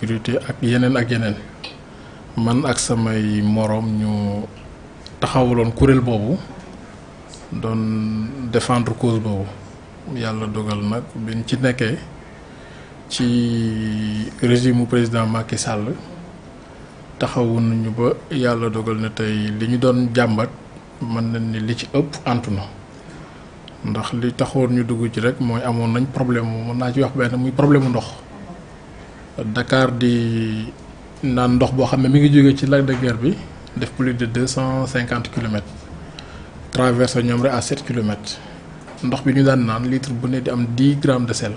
sécurité ak yenen ak yenen man ak samay morom ñu taxawulon kurel bobu don défendre cause bobu yalla dogal nak biñ ci nekké ci régime président Macky Sall taxawun ñu ba yalla dogal na tay liñu don jambat man nañ ni li ci ëpp antuna ndax li taxoon ñu dugg ci rek mooy amoon nañ problème mën naa ci wax benn muy problème ndox Dakar di nan ndox bo de guerre bi def plus de 250 km. à 7 km, ndox bi ñu litre bu di am de sel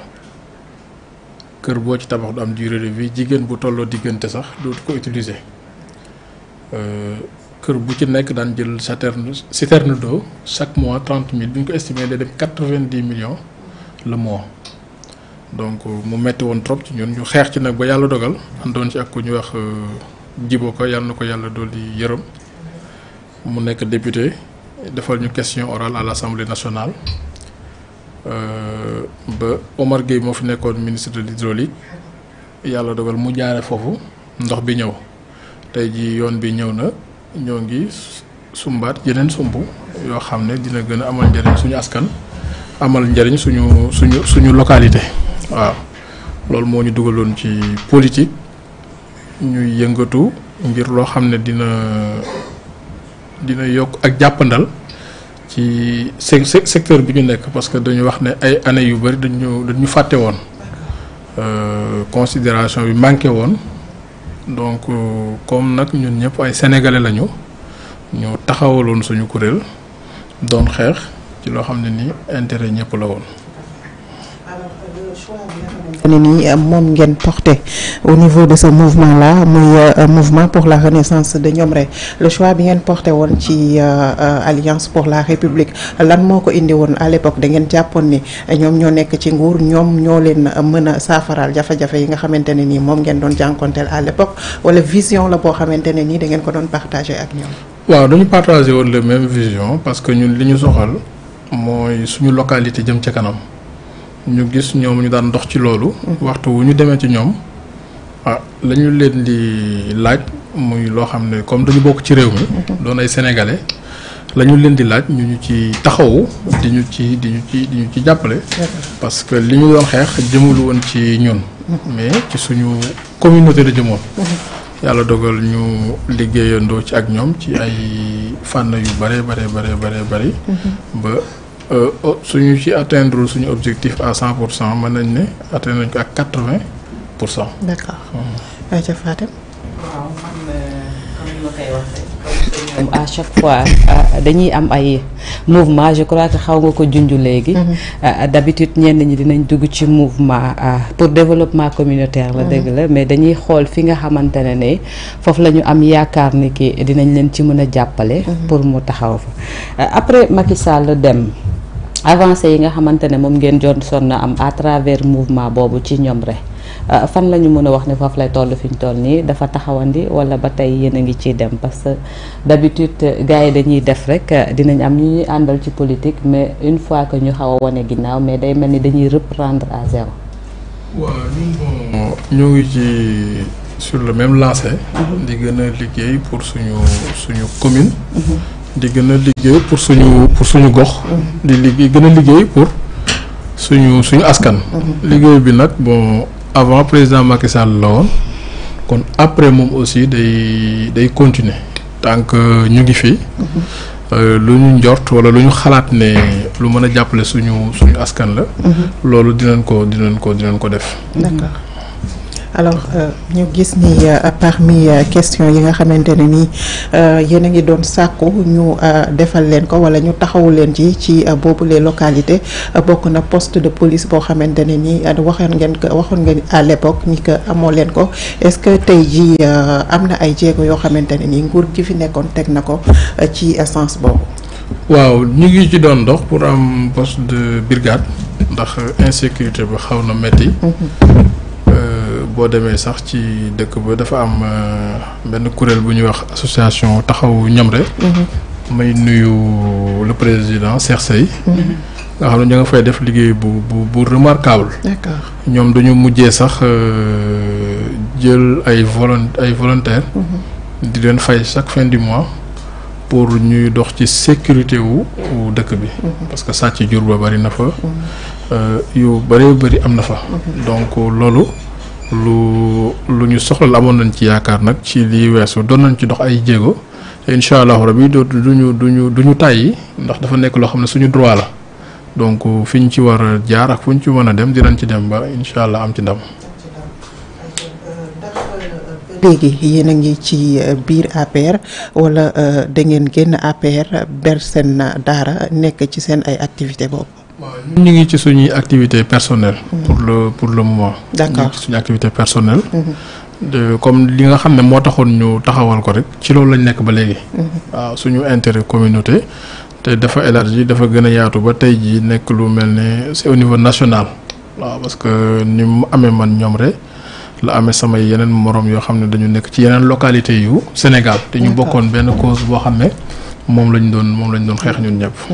kër du durée de vie jigéen bu tolloo sax do ko utiliser euh, kër bu ci nekk daan citerne citerne d'eau chaque mois 30 000 nous de 90 millions le mois. donc euh, mu metti won trop ci ñun ñu xex ci nak ba yalla dogal andon ci ak ku ñu wax euh, jibo ko yalla nako yalla yàlla dolli mu nek député defal ñu question orale à l'assemblée nationale euh, ba Omar Gay mo fi nekkoon ministre de l'hydraulique yalla dogal mu jaaré fofu ndox bi ñew tay ji yoon bi ñew na ñoo ngi sumbaat yeneen sumb yoo xam dina gëna amal njariñ suñu askan amal njariñ suñu suñu suñu localité waaw loolu moo ñu dugaloon ci politique ñuy yëngatu ngir loo xam ne dina dina yokk ak jàppandal ci secteur bi ñu nekk parce que dañu wax ne ay années yu bëri dañu dañu fàtte woon euh, considération bi manqué woon donc euh, comme nag ñun ñëpp ay sénégalais lañu ñu taxawaloon suñu kuréel doon xeex ci loo xam ne nii intérêt ñëpp la woon. xamante ne ni euh, moom ngeen porté au niveau de ce mouvement là muy euh, mouvement pour la renaissance de Ñomre le choix bi ngeen porté woon ci euh, alliance pour la république lan moo ko indi woon à l'époque da ngeen jàppoon ni ñoom ñoo nekk ci nguur ñoom ñoo leen mën a saafaraal jafe-jafe yi nga xamante ne nii moom ngeen doon à l'époque wala vision la boo xamante ne nii da ngeen ko doon partagé ak ñoom. waaw dañu partagé woon la même vision parce que ñun li ñu soxal mooy suñu localité jëm ci kanam. ñu gis ñoom ñu daan ndox ci loolu. waxtu wu ñu demee ci ñoom ah la ñu leen di laaj muy loo xam ne comme dañu bokk ci réew mi. doon ay sénégalais la ñu leen di laaj ñu ñu ci taxawu. di ñu ci di ñu ci di ñu ci jàppale. parce que li ñu doon xeex jëmul woon ci ñun. mais ci suñu communauté la jëmoon. yàlla dogal ñu liggéeyandoo ci ak ñoom ci ay fànn yu bare bare bare bare bari. ba Euh, oh, suñu ci atteindre suñu objectif à cent pour cent mën nañ ne atteindre ak quatre vingt pour cent. d' accord euh, à chaque fois euh, dañuy am ay mouvement je crois que xaw nga ko junj léegi. d' habitude ñenn ñi dinañ dugg ci mouvement pour développement communautaire la dégg la mais dañuy xool fi nga xamante ne ne foofu la ñu am yaakaar ni ki dinañ leen ci mën a jàppale. pour mu taxaw fa après Macky dem. avancé yi nga xamante ne moom ngeen jot na am à travers mouvement boobu ci ñoom Ñomre euh, fan la ñu mën a wax ne foofu lay toll fi ñu toll nii dafa taxawandi wala ba tey yéen a ngi ciy dem parce que d'habitude gars yi dañuy def rek euh, dinañ am ñu ñuy àndal ci politique mais une fois que ñu xaw a wane ginnaaw mais day mel ni dañuy reprendre à zéro. waaw ñoo ngi ci sur le même lancé. Mm-hmm. di gën liggéey pour suñu suñu commune. Mm-hmm. di y liggéey pour suñu pour suñu gox. di liggéey gëna liggéey pour suñu suñu askan. liggéey bi nag bon avant président Macky Sall après moom aussi day day continuer tant que ñu ngi fi euh, lu ñu njort wala lu ñu xalaat lu mën a suñu suñu askan la. Mhm. ko ko ko def alors euh, ñu gis ni euh, parmi euh, question yi nga xamantene ni nii yéen ngi doon sàkku ñu défal leen ko wala ñu taxawu leen ci ci bobu les localités bokk na poste de police bo xamantene ni nii waxoon ngeen waxon ngeen à l'époque ni que amo leen ko est-ce que tay ji amna ay jéego yo xamantene ni nguur gi fi nekkoon teg nako ci sens bobu waaw ñu ngi ci doon dox pour am poste de brigade ndax insécurité bi xaw na métti. Mhm boo demee sax ci dëkk ba dafa am euh, wax association Ñamre mhm. may nuyu le président Cheikh mhm. nga xam ne nga fay def bu remarquable dañu sax euh, jël ay volontaires mhm. di leen fay chaque fin du mois pour ñuy dox ci sécurité wu dëkk bi parce que ça jur ba bari na fa euh, yu bëree bëri am na donc lu lu ñu soxla la amoon nañ ci yaakaar nag ci lii weesu doon nañ ci dox ay jéego te incha allahu rabi du duñu duñu du ñu tàyyi ndax dafa nekk loo xam ne suñu droit la donc fi ñu ci war a jaar ak fu ñu ci mën a dem dinañ ci dem ba incha allah am ci ndam. léegi yéen ngi ci euh, biir APR wala euh, da ngeen génn APR ber seen euh, daara nekk ci seen ay activité boobu. waaw ñu ngi ci suñuy activité personnelle mm-hmm. pour le pour le moment. d'accord suñu activité personnelle. Mm-hmm. de comme li nga xam ne moo taxoon ñu taxawal ko rek ci loolu lañ nekk ba léegi. Mm-hmm. waaw suñu intérêt communauté. te dafa élargi dafa gën a yaatu ba tey jii nekk lu mel ne c'est au niveau national. waaw parce que ni mu amee man ñoom rek la amee sama yeneen moroom yoo xam ne dañu nekk ci yeneen localité yu Sénégal. te ñu bokkoon benn cause boo xam ne moom lañ doon moom lañ doon xeex ñëpp.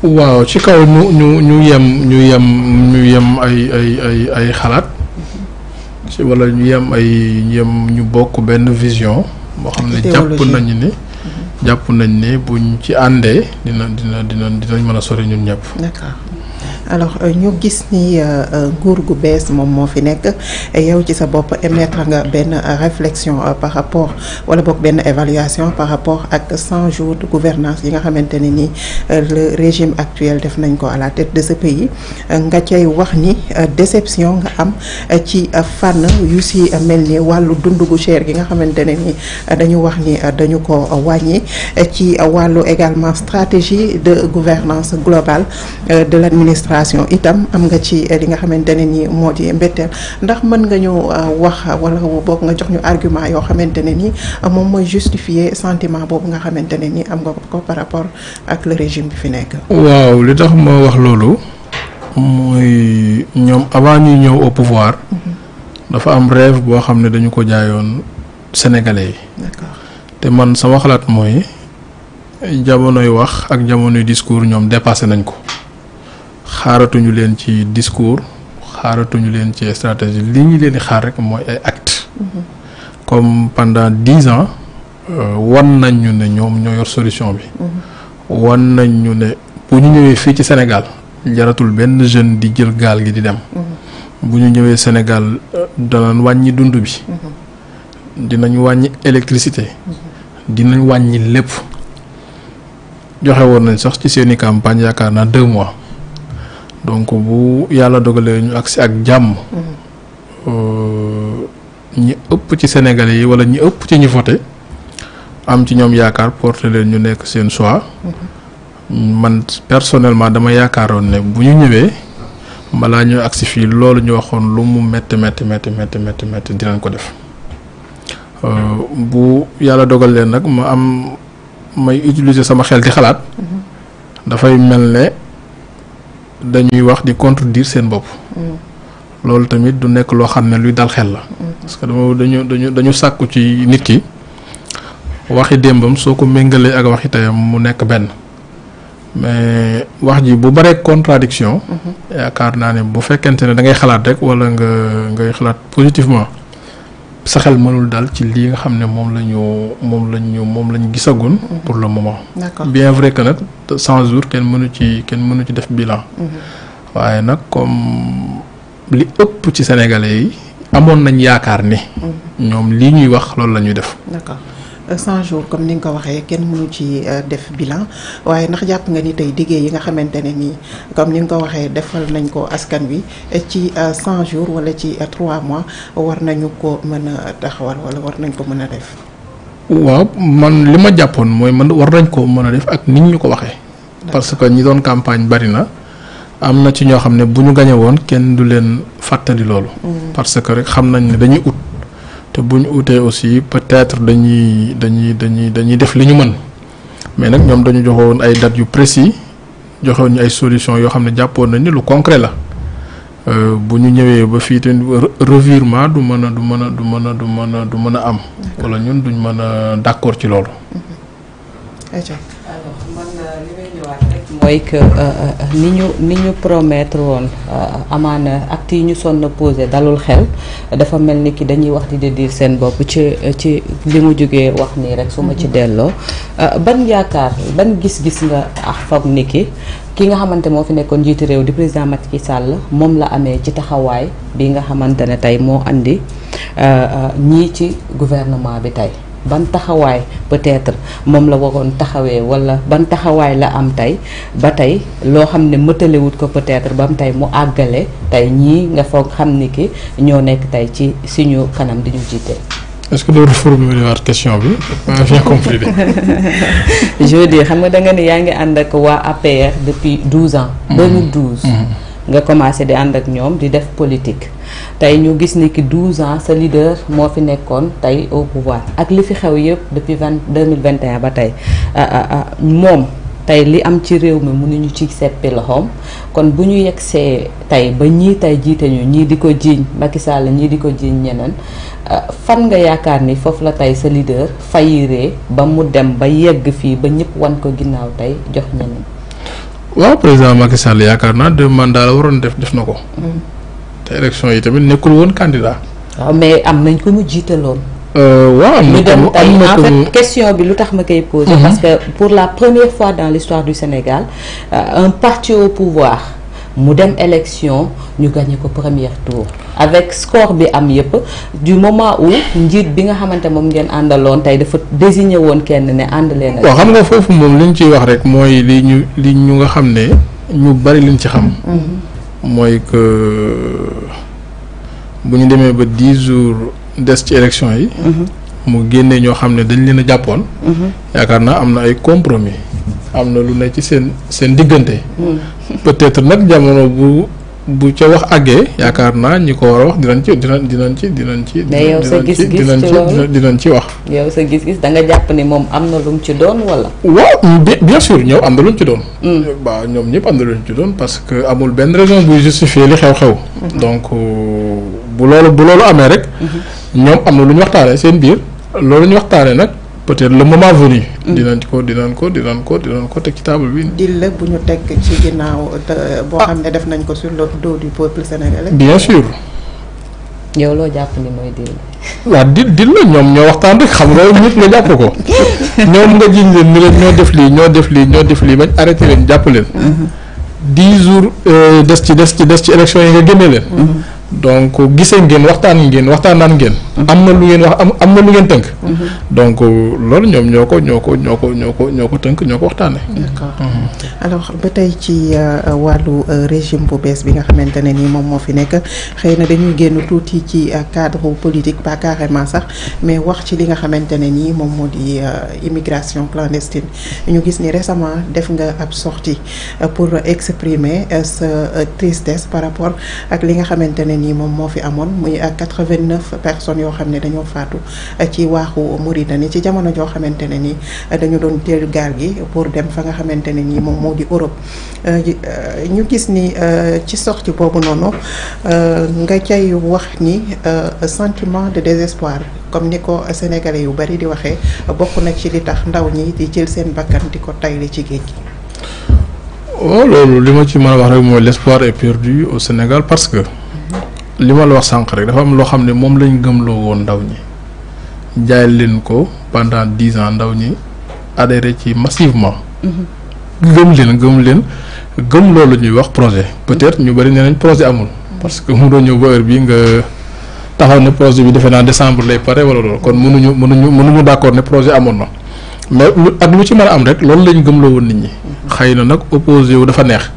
waaw ci kaw ñu ñu ñu yem ñu yem ñu yem ay ay ay ay xalaat ci mhm. walla ñu yem ay yem ñu bokk benn vision boo xam ne mhm. jàpp nañu ni jàpp nañ ne buñ ci àndee dina dina dina dinañ mën a sori ñun ñëpp. alors euh, ñu gis ni euh, euh, nguur gu bees moom moo fi nek yow ci sa bopp émettre nga ben réflexion par rapport wala bok ben évaluation par rapport à 100 jours de gouvernance yi nga xamanteni ni le régime actuel def nañ ko à la tête de ce pays nga cay wax ni déception nga am ci fànn yu ci mel walu wàllu gu cher gi nga xamanteni ni dañu wax ni dañu ko wañi ci walu également stratégie de gouvernance globale de l'administration situation itam am nga ci eh, li nga xamantene ni modi mbetel ndax mën nga ñu eh, wax wala bok nga jox ñu argument yo xamantene ni eh, mom moy justifier sentiment bobu nga xamantene ni am nga ko par rapport ak le régime bi fi nek waaw li tax ma wax lolu moy ñom avant ñuy ñëw au pouvoir mm-hmm. dafa am rêve bo xamne dañu ko jaayoon sénégalais d'accord te man sama moy wax ak discours ñom nañ ko xaaratuñu leen ci discours xaaratuñu leen ci stratégie li ñu leen di xaar rek mooy ay actes. Mm-hmm. comme pendant dix ans euh, wan nañ ñu ne ñoom ñoo yor solution bi. Mm-hmm. wan nañ ñu ne bu ñu ñëwee fii ci Sénégal jaratul benn jeune di jël gaal gi di dem. Mm-hmm. bu ñu ñëwee Sénégal euh, danañ wàññi dund bi. dinañu wàññi électricité. dinañ wàññi lépp. joxe woon nañ sax ci seeni campagne yaakaar naa deux mois. donc bu yàlla dogalee ñu agsi ak jàmm. Euh, ñi ëpp ci Sénégalais yi wala ñi ëpp ci ñi voté am ci ñoom yaakaar porte leen ñu nekk seen choix. man personnellement dama yaakaaroon ne bu ñu ñëwee malaa ñu agsi fii loolu ñu waxoon lu mu métti métti métti métti métti métti dinañ ko def euh, bu yàlla dogal leen nag ma am may utiliser sama xel di xalaat mm-hmm. dafay mel ne. dañuy wax di contredire seen bopp. loolu tamit du nekk ne luy dal xel la. Mm-hmm. parce que dañu dañu dañu sàkku ci nit ki waxi démbam soo ko ak waxi mu nekk benn mais contradiction mm-hmm. yaakaar naa bu fekkente ne da ngay xalaat rek wala nga positivement sa xel mënul dal ci li nga xam ne moom la ñu moom la ñu moom la ñu gisagoon pour le moment. bien vrai que nag cent jours kenn mënu ci kenn mënu ci def bilan. Mhm. waaye nag comme li ëpp ci sénégalais yi amoon nañ yaakaar ni. Mhm. ñoom lii ñuy wax loolu la ñuy def. d'accord 100 jours comme ni nga ko waxee kenn mënu ci euh, def bilan waaye ndax jàpp nga ni tey liggéey yi nga xamante ne nii comme ni nga ko waxee defal nañ ko askan bi ci 100 euh, jours wala ci 3 euh, mois war nañu ko mën a taxawal wala war nañ ko mën a def. waaw man li ma jàppoon mooy man war nañ ko mën a def ak nit ñu ko waxee. parce que ñi doon campagne bari na. am na ci ñoo xam ne bu ñu gañe woon kenn du leen fàttali loolu. Mm. parce que rek xam nañ ne dañuy ut. te buñ outé aussi peut-être dañuy dañuy dañuy dañuy def li ñu mën mais nak ñom dañu joxoon ay dates yu précis joxoon ñu ay solution yo xamné jappoon nañ ni lu concret la euh buñu ñëwé ba fii tamit revirement du mëna du mëna du mëna du mëna du mëna a am. wala ñun duñ mëna d'accord ci loolu. Mhm. ay mooy que euh, euh, ni ñu ni ñu promettre woon euh, amaana acte yi ñu sonn posé dalul xel dafa mel ni ki dañuy wax di dédire seen bopp ci ci li mu jógee wax nii rek su ma ci delloo ban yaakaar ban gis-gis nga ak fab ni ki ki nga xamante moo fi nekkoon njiitu réew di président Macky sàll moom la amee ci taxawaay bi nga xamante ne tey moo andi ñii ci gouvernement bi tey ban taxawaay peut-être moom la waroon taxawee wala ban taxawaay la am tey ba tey loo xam ne mëtalewut ko peut ba mu tey mu àggale tey ñii nga foog xam ni ki ñoo nekk tey ci suñu kanam di ñu jiite. est-ce que loolu formulé waat question bi bien compris je veux dire xam nga da nga ne yaa ngi ànd ak waa APR depuis 12 ans. 2012. Mm-hmm. Mm-hmm. nga commencé di ànd ak ñoom di def politique. tey ñu gis ni ki 12 ans sa leader moo fi nekkoon tey au pouvoir ak li fi xew yëpp depuis vingt deux mille vingt et ba tey ah, ah, ah, moom tey li am ci réew mi mënuñu ci seppi loxoom kon bu ñu yegsee tey ba ñii tey jiite ñu ñii di ko jiiñ Macky Sall ñii di ko jiiñ ñeneen fan nga yaakaar ni foofu la tey sa leader fayiree ba mu dem ba yegg fii ba ñëpp wan ko ginnaaw tey jox ñeneen. waaw président Macky Sall yaakaar naa deux mandats la waroon def def na ko. Mm. élection yi tamit nekul won candidat. Ah, mais am nañ ko mu jiitaloon. Euh, waaw am na ko am na en fait question bi lutax ma kay poser. Mhm. parce que pour la première fois dans l'histoire du Sénégal euh, un parti au pouvoir. mu dem élection ñu gagné ko premier tour avec score bi am yëpp du moment où njiit bi nga xamanté mom ngeen andalon tay dafa désigné won kenn né ànd leen waaw xam nga fofu mom li ci wax rek moy li ñu li ñu nga xam ne ñu bari liñ ci xam mhm. mooy que bu ñu demee ba dix jours des ci élection yi. Mhm. mu génnee ñoo xam ne dañ leen a jàppoon. Mhm. yaakaar naa am na ay compromis am na lu ne ci seen seen diggante. Mhm. peut-être nag jamono bu. bu ca wax àggee yaakaar naa ñi ko war a wax dinañ ci dinañ dinañ ci dinañ ci. mais yow sa gis-gis dinañ ci ci wax. yow sa gis-gis da nga ni moom am na lu mu ci doon wala. waaw mm, bien sûr ñëw am na lu ci doon. waaw mm. ñoom ñëpp am na lu ci doon parce que amul benn raison buy justifier li xew-xew. Mm-hmm. donc euh, bu loolu bu loolu amee rek. Mm-hmm. ñoom am na lu ñu waxtaanee seen biir loolu ñu waxtaanee nag. peut-être le moment venu. Mm. dinañ ko dinañ ko dinañ ko dinañ ko te ci table bi. dil bu ñu teg ci ginnaaw ah. boo xam ne def nañ ko sur le dos du peuple sénégalais. bien sûr. yow loo jàpp ni mooy dil. waaw dil dil la xam nga nit nga jàpp ko ñoom nga jiñ leen ni leen ñoo def ñoo def lii ñoo def lii bañ arrêté leen jàpp leen. Mm-hmm. dix jours euh, des ci des ci des ci yi nga génne leen. Mm-hmm. donc gisee ngeen waxtan ngeen waxtaanaan ngeen. Mhm. amna lu ngeen wax amna lu ngeen teunk mhm. donc loolu ñom ñoko ñoko ñoko ñoko ñoko teunk ñoko waxtane d'accord mhm. alors batay ci euh, Walu euh, régime bu bees bi nga xamantene ni mom mo fi nek xeyna dañuy génn touti ci euh, cadre politique pas carrément sax mais wax ci li nga xamantene ni mom modi immigration clandestine ñu gis ni récemment def nga ab sortie pour exprimer sa tristesse par rapport ak li nga xamantene nii fi muy euh, personnes ont faatu euh, ci mouride ni ci jamono jo xamantene ni euh, dañu doon teel pour dem fa nga xamantene ni mom Europe. ñu gis ni ci sortie nga sentiment de désespoir comme niko sénégalais yu bari di waxé bokku na ci li tax ndaw ñi di jël seen bakkan ci l'espoir est perdu au Sénégal parce que. li ma la wax sànq rek dafa am loo xam ne moom lañ gëmloo woon ndaw ñi jaay leen ko pendant dix ans ndaw ñi adhéré ci massivement. Mhm. gëm leen gëm leen gëm loolu ñuy wax projet. peut-être ñu bari nee nañ projet amul. Mhm. parce que mu doon ñëw ba heure bii nga taxaw ne projet bi defe naa décembre lay pare wala loolu kon mënuñu mënuñu mënuñu d'accord ne projet amoon na mais ak lu ci mën a am rek loolu gëm loo woon nit ñi. Mhm. xëy na nag opposé wu dafa neex.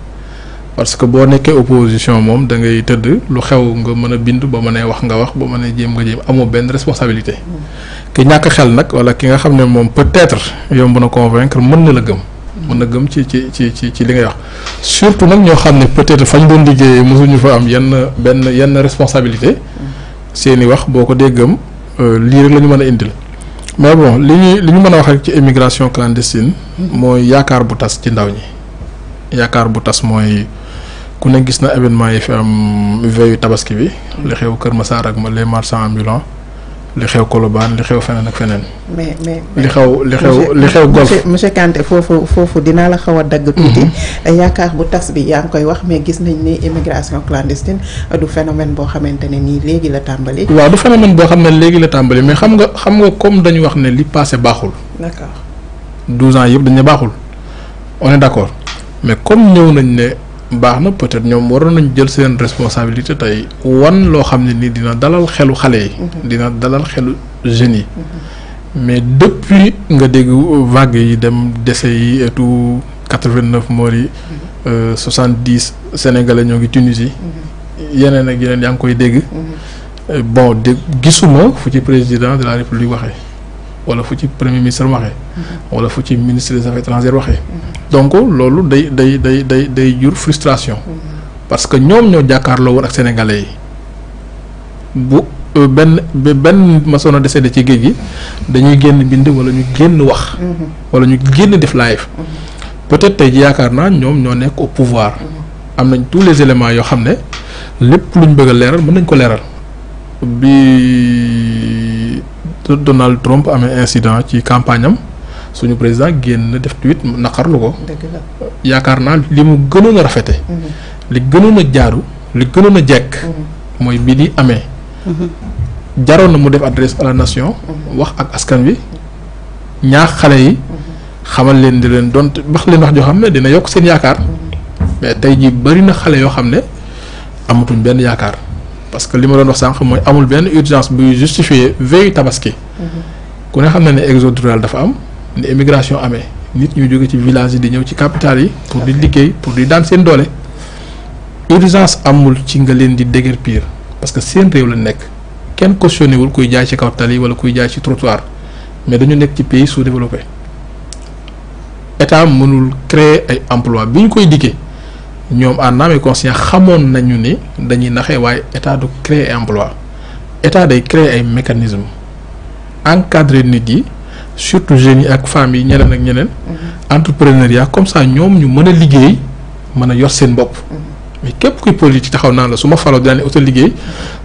parce que boo nekkee opposition moom da ngay tëdd lu xew nga mën a bind ba mënee wax nga wax ba mënee jéem nga jéem amoo benn responsabilité ki ñàkk xel nag wala ki nga xam ne moom peut-être yomb na convaincre mën na la gëm. mën na gëm ci ci ci ci ci li ngay wax surtout nag ñoo xam ne peut-être fañ doon liggéeyee mosuñu fa am yenn benn yenn responsabilité. seeni wax boo ko dee gëm euh, lii rek la ñu mën a indil. mais bon li ñuy li ñu mën a wax rek ci immigration clandestine. mooy yaakaar bu tas ci ndaw ñi. yaakaar bu tas mooy. ku ne gis na événement yi fi am veillu tabaski bi mm. li xew Kër Massar ak ma les marchands ambulants li xew Colobane li xew feneen ak feneen. mais mais li xew li xew li xew golf monsieur monsieur Kanté foofu foofu dinaa la xaw a dagg. Mm-hmm. tuuti yaakaar bu tas bi yaa ngi koy wax mais gis nañ ni immigration clandestine du phénomène boo xamante ne nii léegi la tàmbali. waaw du phénomène boo xam ne léegi la tàmbali mais xam nga xam nga comme dañu wax ne li passé baaxul. d'accord 12 ans yëpp dañ ne baaxul on est d'accord mais comme ñëw nañ ne baax peut-être ñom waroon nañu jël seen responsabilité tay wan lo xamni ni dina dalal xelu xalé yi. Mhm. dina dalal xelu jeune yi. mais depuis nga dégg vague yi dem décès yi et tout 89 vingt neuf yi. Mhm. Euh, soixante sénégalais ñogi Tunisie. Mhm. yenen ak yenen yang koy dégg. Euh, bon dé gisuma fu ci président de la république waxé wala fu ci premier ministre waxee mhm. wala fu ci ministre des affaires étrangères waxee mhm. donc loolu day day day day day jur frustration mhm. parce que ñoom ñoo jàkkaarloo woon ak sénégalais yi bu euh, benn benn maçon a décédé ci géej gi dañuy génn bind wala ñu génn wax wala ñu génn def live peut-être tey ji yaakaar naa ñoom ñoo nekk au pouvoir am nañ tous les éléments yoo xam ne lépp luñ bëgg leeral mën nañ ko leeral bi Donald Trump amee incident ci campagne am suñu président génn def tweet naqarlu ko. yaakaar naa li mu gënoon a rafete mhm. li gënoon a jaaru li gënoon a jekk. Mhm. mooy bi di amee. Mhm. jaroon na mu def adresse à la nation. wax ak askan wi ñaax xale yi. xamal leen di leen dont wax leen wax joo xam ne dina yokk seen yaakaar. mais tey jii bari na xale yoo xam ne amatuñ benn yaakaar. parce que les wax sank amul ben urgence justifier veille tabaski. ku ne a exode rural dafa am ni immigration nit ñu joggé ci village di ñëw ci capital pour di pour di daan seen doolé urgence amul ci nga parce que seen réew la nekk kenn cautionné wul kuy jaay ci kaw wala kuy jaay ci trottoir mais dañu nekk ci pays sous-développé état mënul créer ay emploi des ñoom en âme et conscience xamoon nañu ni dañuy naxee waaye état du créer emploi état day créer ay mécanismes encadrer nit yi surtout jeunes yi ak femmes yi ñeneen ak ñeneen. Mm-hmm. entrepreneuriat comme ça ñoom ñu mën a liggéey mën a yor seen bopp. Mm-hmm. mais képp kuy ci taxaw naa la su ma faloo dinaa ne auto liggéey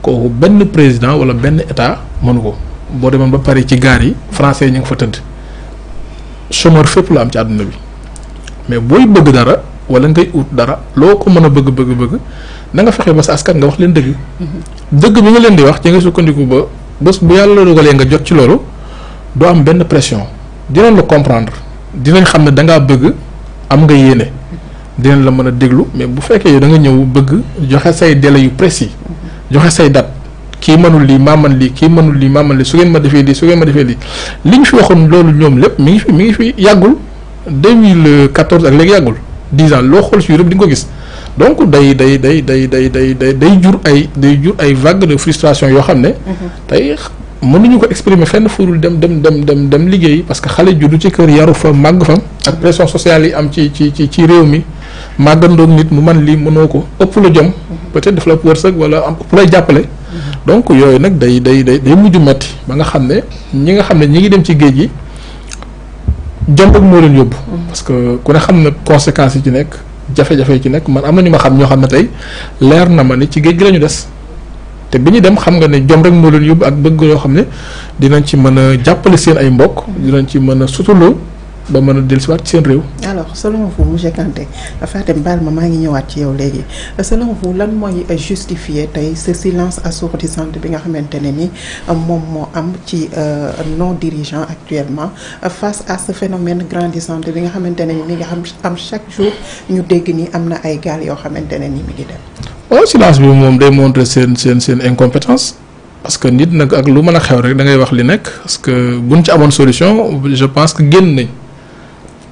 kooku benn président wala benn état mënu ko boo demoon ba pare ci gaar yi français yi ñu ngi fa tëdd chômeur fépp la am ci àdduna bi mais booy bëgg dara. wala ngay ut dara loko meuna mën a bëgg bëgg bëgg na nga fexé ba sa askan nga wax leen deug mhm. deug bi nga leen di wax ci nga sukkandiku ba bés bu yàlla dogalee nga jot ci lolu do am benn pression dinañ la comprendre dinañ xam ne da nga bëgg am nga yéene dinañ la mën déglu mais bu fekké da nga ñëw bëgg joxé say délai yu précis mhm. joxé say date ki mënul li ma man li ki mënul li ma man li su ngeen ma defé lii su ngeen ma defé lii li fi waxon lolu ñom lepp mi ngi fi mi ngi fi yagul 2014 ak légui yagul dix ans loo xool si Europe di nga ko gis donc day day day day day day day day jur ay day jur ay vague de frustration yoo xam ne. Mhm. tey mënuñu ko exprimer fenn furul dem dem dem dem dem liggéey parce que xale juddu ci kër yaru fa màgg fa ak mhm. pression sociale yi am ci ci ci ci réew mi màggandoog nit mu man lii mënoo ko ëpp la jom. Mhm. peut-être daf la wërsëg wala am ëpp lay jàppale. donc yooyu nag day day day day mujj metti ba nga xam ne ñi nga xam ne ñi ngi dem ci géej yi jom rek moo leen yóbbu. parce que ku ne xam na conséquences yi ci nekk jafe-jafe yi ci nekk man am na ñu ma xam ñoo xam ne tey leer na ma ni ci géej gi lañu des te bi ñu dem xam nga ne jom rek moo leen yóbbu ak bëgg yoo xam ne dinañ ci mën a jàppale seen ay mbokk dinañ ci mën a suturloo ba mën a dellusiwaat seen réew. alors selon vous monsieur Kanté Fatem baal ma maa ngi ñëwaat ci yow léegi selon vous lan mooy justifier tey ce silence assourdissant bi nga xamante ne ni moom moo am ci euh, non dirigeant actuellement face à ce phénomène grandissant bi nga xamante ne ni nga am chaque jour ñu dégg ni am na ay gaal yoo xamante ne ni mi ngi dem. waaw oh, silence bi moom day montrer seen seen incompétence. parce que nit nag ak lu mën a xew rek da ngay wax li nekk parce que buñ ci amoon solution je pense que génn nañ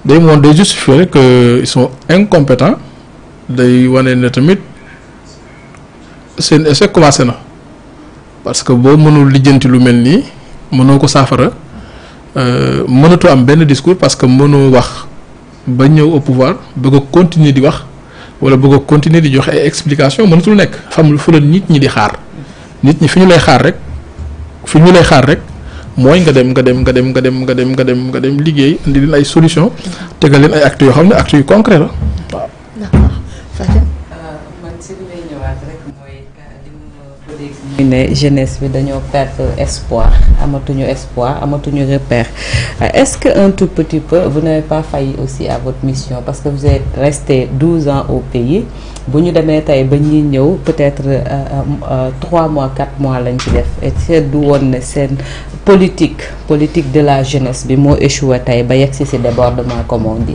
day moom juste justifier qu'ils ils sont incompétents day wane ne tamit seen commencé parce que boo mënul lijjanti lu mel nii mënoo ko saafara euh, am discours parce que mënoo wax ba au pouvoir bëgg a continuer di wax wala bëgg a continuer di joxe ay explications mënatul nekk. xam fu nit ñi di xaar nit ñi lay mooy nga dem nga dem nga dem nga dem nga dem nga dem nga dem liggéey indi leen ay solution tegal leen ay actes yoo xam ne actes yu concret la euh, waaw. ñu jeunesse bi dañoo perdre espoir amatuñu espoir amatuñu repère euh, est-ce que un tout petit peu vous n'avez pas failli aussi à votre mission parce que vous êtes resté 12 ans au pays bu ñu demee tey ba ñëw peut-être euh, euh, trois mois quatre mois lañ ci def et du woon ne politique politique de la jeunesse bi moo échoué tey ba yegg si si débordement comme on dit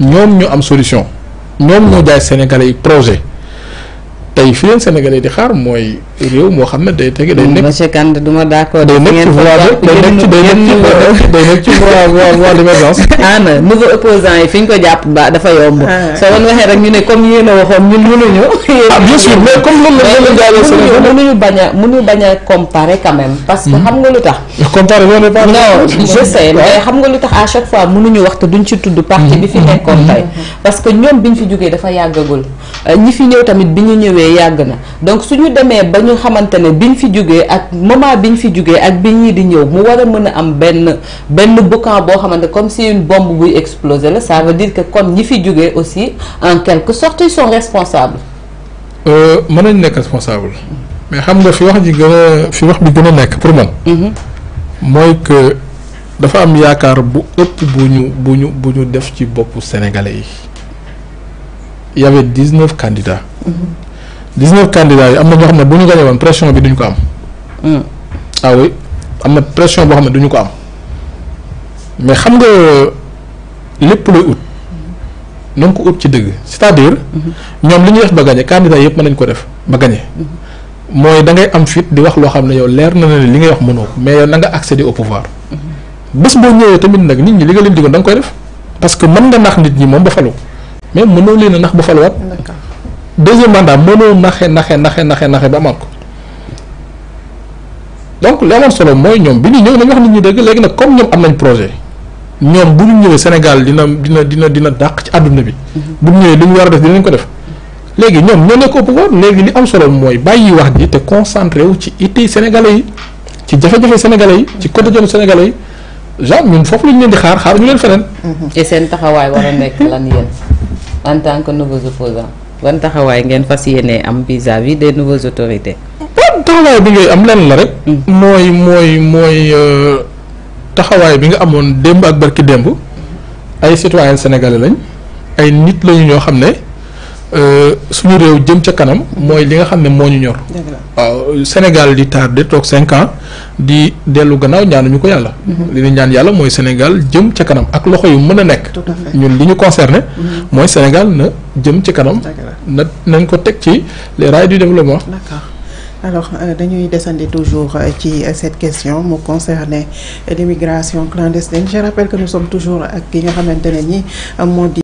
ñoom ñu am solution ñoom ñoo jaay Sénégalais yi projet tey fi leen Sénégalais di xaar mooy réew moo xam ne day tege day nekk monsieur Kande du ma d'accord day nekk ci voie day nekk ci day nekk ci day nekk ci voie voie voie nouveau opposant yi fi ñu ko jàpp ba dafa yomb ah. soo waxee rek ñu ne comme yéen a waxoon ñun mënuñu ah bien sûr mais comme loolu la bañ a mënuñu bañ a comparer quand même parce que hmm. xam nga lu tax comparer non je sais mais xam nga lu tax à chaque fois ñu waxtu duñ ci tudd parti bi fi hmm. nekkoon hmm. tey parce que ñoom biñ fi jógee dafa yàggagul Euh, ñi fi ñëw tamit bi ñu ñëwee yàgg na donc suñu demee ba ñu xamante ne ñu fi jógee ak moment ñu fi jugee ak bi ñii di ñëw mu war a mën a am benn benn boucan boo xamante comme si bomb bombe buy exploser la ça veut dire que kon ñi fi jugee aussi en quelque sorte ils sont responsables. Euh, mën nañ nekk responsable mais xam nga fi wax ji gën a fi wax bi gën a nekk pour moom. Mhm. mooy que dafa am yaakaar bu ëpp bu ñu bu ñu bu ñu def ci boppu sénégalais yi. y avait 19 candidats. 19 candidats yi am na ñoo xam ne bu ñu gañe woon pression bi duñ ko am. Mm. ah oui am na pression boo xam ne ko am mais xam nga lépp luy ut nañ ko ut ci dëgg c'est-à-dire ñoom li ñuy def ba gañe candidat yëpp mën ko def ba gañe mooy da ngay am fit di wax loo xam ne yow leer na ne li ngay wax mënoo mais yow na nga accéder au pouvoir mm-hmm. bés boo itu tamit nag nit ñi li nga leen digoon da nga koy def parce que mën nga nax nit ñi ba mais mënoo leen a nax ba faluwaat. deuxième mandat mënoo naxe naxe naxe naxe naxe ba amaat ko donc li amoon solo mooy ñoom bi ñu ñëw nañ wax nit ñi dëgg léegi nag comme ñoom am nañ projet ñoom bu ñu ñëwee Sénégal dina dina dina dina dàq ci àdduna bi. Mhm. bu ñu ñëwee li ñu war a def dinañ ko def. léegi ñoom ñoo nekk au pouvoir léegi li am solo mooy bàyyi wax ji te concentré wu ci ittey sénégalais yi ci jafe-jafe sénégalais yi ci quotidien sénégalais yi genre ñun foofu la ñu leen di xaar xaar ñu leen mhm. seen taxawaay war a nekk en tant que nouveaux opposants ban taxawaay ngeen fas yéene am vis-à-vis des nouvelles autorités. ban taxawaay bi ngay am lenn la rek. Hmm. mooy mooy mooy euh, taxawaay bi nga amoon démb ak barki démb hmm. ay citoyens sénégalais lañ ay nit lañu ñoo xam ne. Euh, suñu réew jëm ca kanam mooy li nga xam ne moo ñu ñor. waaw Sénégal di tardé toog 5 ans di dellu gannaaw ñaanuñu ko yàlla. Mhm. li ñu ñaan yàlla mooy Sénégal jëm ca kanam ak loxo yu mën a nekk. ñun li ñu concerné. Mhm. mooy Sénégal na jëm ca kanam. na nañ ko teg ci les rails du développement. alors euh, dañuy descendre toujours euh, ci cette question mu concerne l'immigration clandestine je rappelle que nous sommes toujours ak ki nga xamante ne ñi moo di